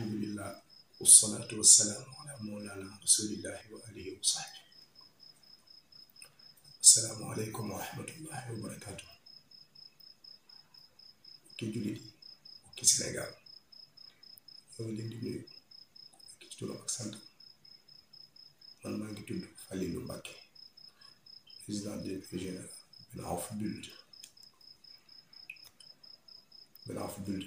الحمد لله والصلاة والسلام على مولانا رسول الله وآله وصحبه السلام عليكم ورحمة الله وبركاته كي جولي وكي سنغال يولي دي نيو كي تولو أكسانت من ما كي تولو فالي نو باكي président de l'ingénieur Ben Auf Bild Ben Auf Bild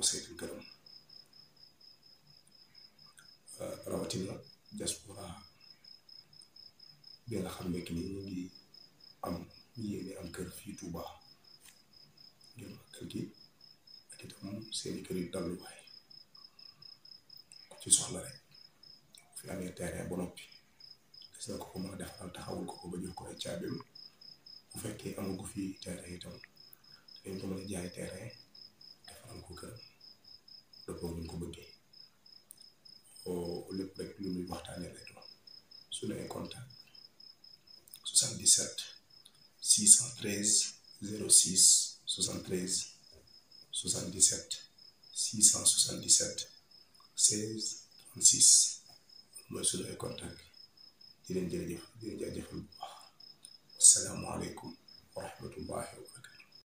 ko saytul këram euh, rawatina diaspora bi nga xam nekk ni ñu ngi am yéene am kër fii Touba ngir màggal gi ak itam seeni kër yu dalluwaay ku ci soxla rek fi amee terrain ba noppi des na ko ko a defaral ko ba jox ko ay caabeem bu fekkee amagu fi terrain itam dañ ko mën a jaay terrain ko ñu ko bëggee lépp rek lu muy waxtaanee lay doon suñu ay contact 77 613 06 73 77 677 16 36 mooy suñu ay contact di leen jërëjëf di leen jaajëfal bu baax asalaamaaleykum wa rahmatullahi wa barakatu